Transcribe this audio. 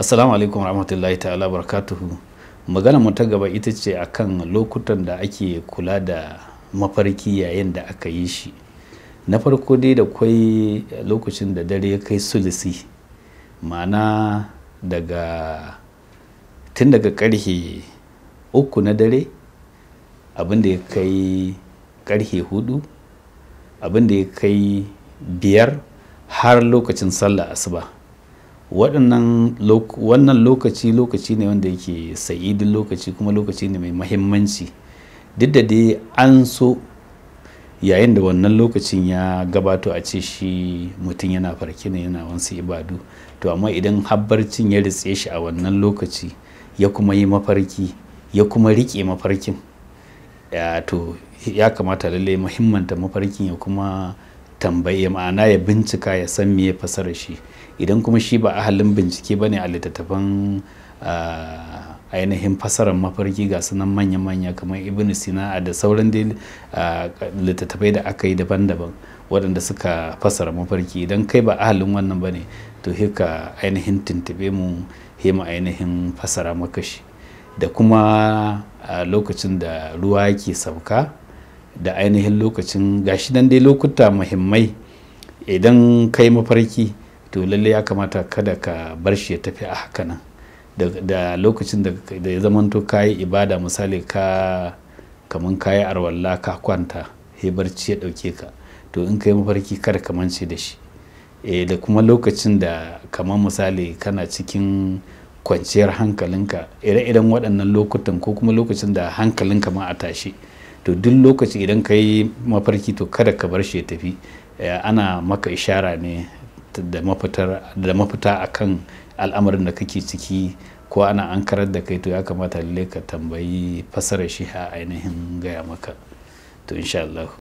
assalamu alaikum rahmatullahi ta'ala barakatuhu magana mu ta gaba ita ce akan lokutan da ake kula da mafarki yayin da aka yi shi na farko dai da kwai lokacin da dare ya kai sulisi ma'ana daga tun daga karhe uku na dare abinda ya kai karhe hudu abinda ya kai biyar har lokacin sallah asuba wannan lokaci lokaci ne wanda yake sa'idin lokaci kuma lokaci ne mai mahimmanci duk da dai an so yayin da wannan lokacin ya gabato a ce shi mutum yana farke ne yana wansu ibadu to amma idan habbarcin ya ritse shi a wannan lokaci ya kuma yi mafarki ya kuma riƙe mafarkin to ya kamata lallai muhimmanta mafarkin ya kuma tambaye ma'ana ya bincika ya san me ya fasara shi idan kuma shi ba ahalin bincike ba ne a littattafan ah, ainihin fasarar mafarki ga sunan manya-manya kamar ibn sina da sauran ah, littattafai da aka yi daban-daban waɗanda suka fasara mafarki idan kai ba ahalin wannan ba ne to hika ainihin tuntube mu hema ainihin fasara makashi da kuma ah, lokacin da ruwa yake sauka da ainihin lokacin gashi nan dai lokuta muhimmai idan kai mafarki to lallai ya kamata kada ka bar shi ya tafi a haka nan da lokacin da ya zamanto ka yi ibada misali ka kaman ka yi arwalla ka kwanta he barci ya ɗauke ka to in ka yi mafarki kada ka mance da shi e, da kuma lokacin da kamar misali kana cikin kwanciyar hankalinka ire-iren waɗannan lokutan ko kuma lokacin da hankalinka ma a tashi to duk lokaci idan ka yi mafarki to kada ka bar shi ya tafi eh, ana maka ishara ne da mafita a kan al'amarin da kake ciki ko ana an karar da kai to ya kamata lalle ka tambayi fasara shi a ainihin gaya maka to insha Allah